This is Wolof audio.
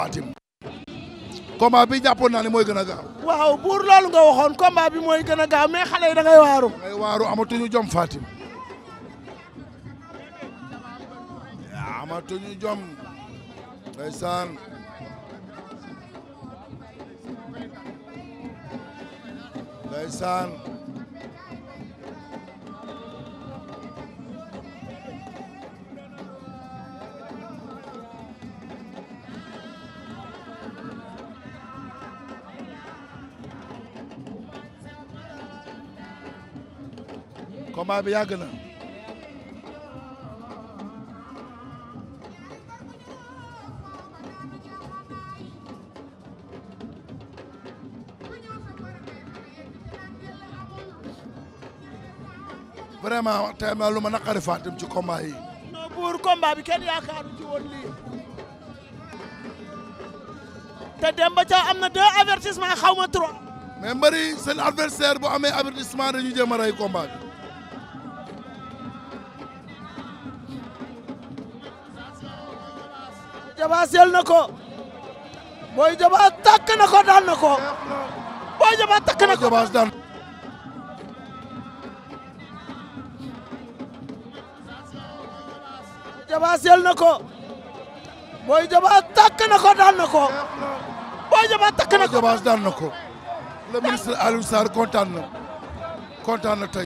Fatim combat bi jàppoon naa ne mooy gën a gaaw. waaw buur loolu nga waxoon combat bi mooy gën a gaaw mais xale yi da ngay waaru. da ngay waaru amatuñu jom Fatim ah, amatuñu jom ndeysaan combat bi yàgg na vraiment tey lu ma naqari fàttim ci combat yi. non buur combat bi kenn yaakaaru ci woon te Demba am na deux avertissement xaw ma trois. mais mbëri seen adversaire bu amee avertissement dañu jéem a rey combat bi. Jaba sel na ko Boy Jaba takk na ko daan na ko Boy Jaba takk na ko Jaba sel na ko Boy Jaba takk na ko daan na ko Boy Jaba takk na ko Jaba daan na ko le ministre Aliou Sarr kontaan na kontaan na tey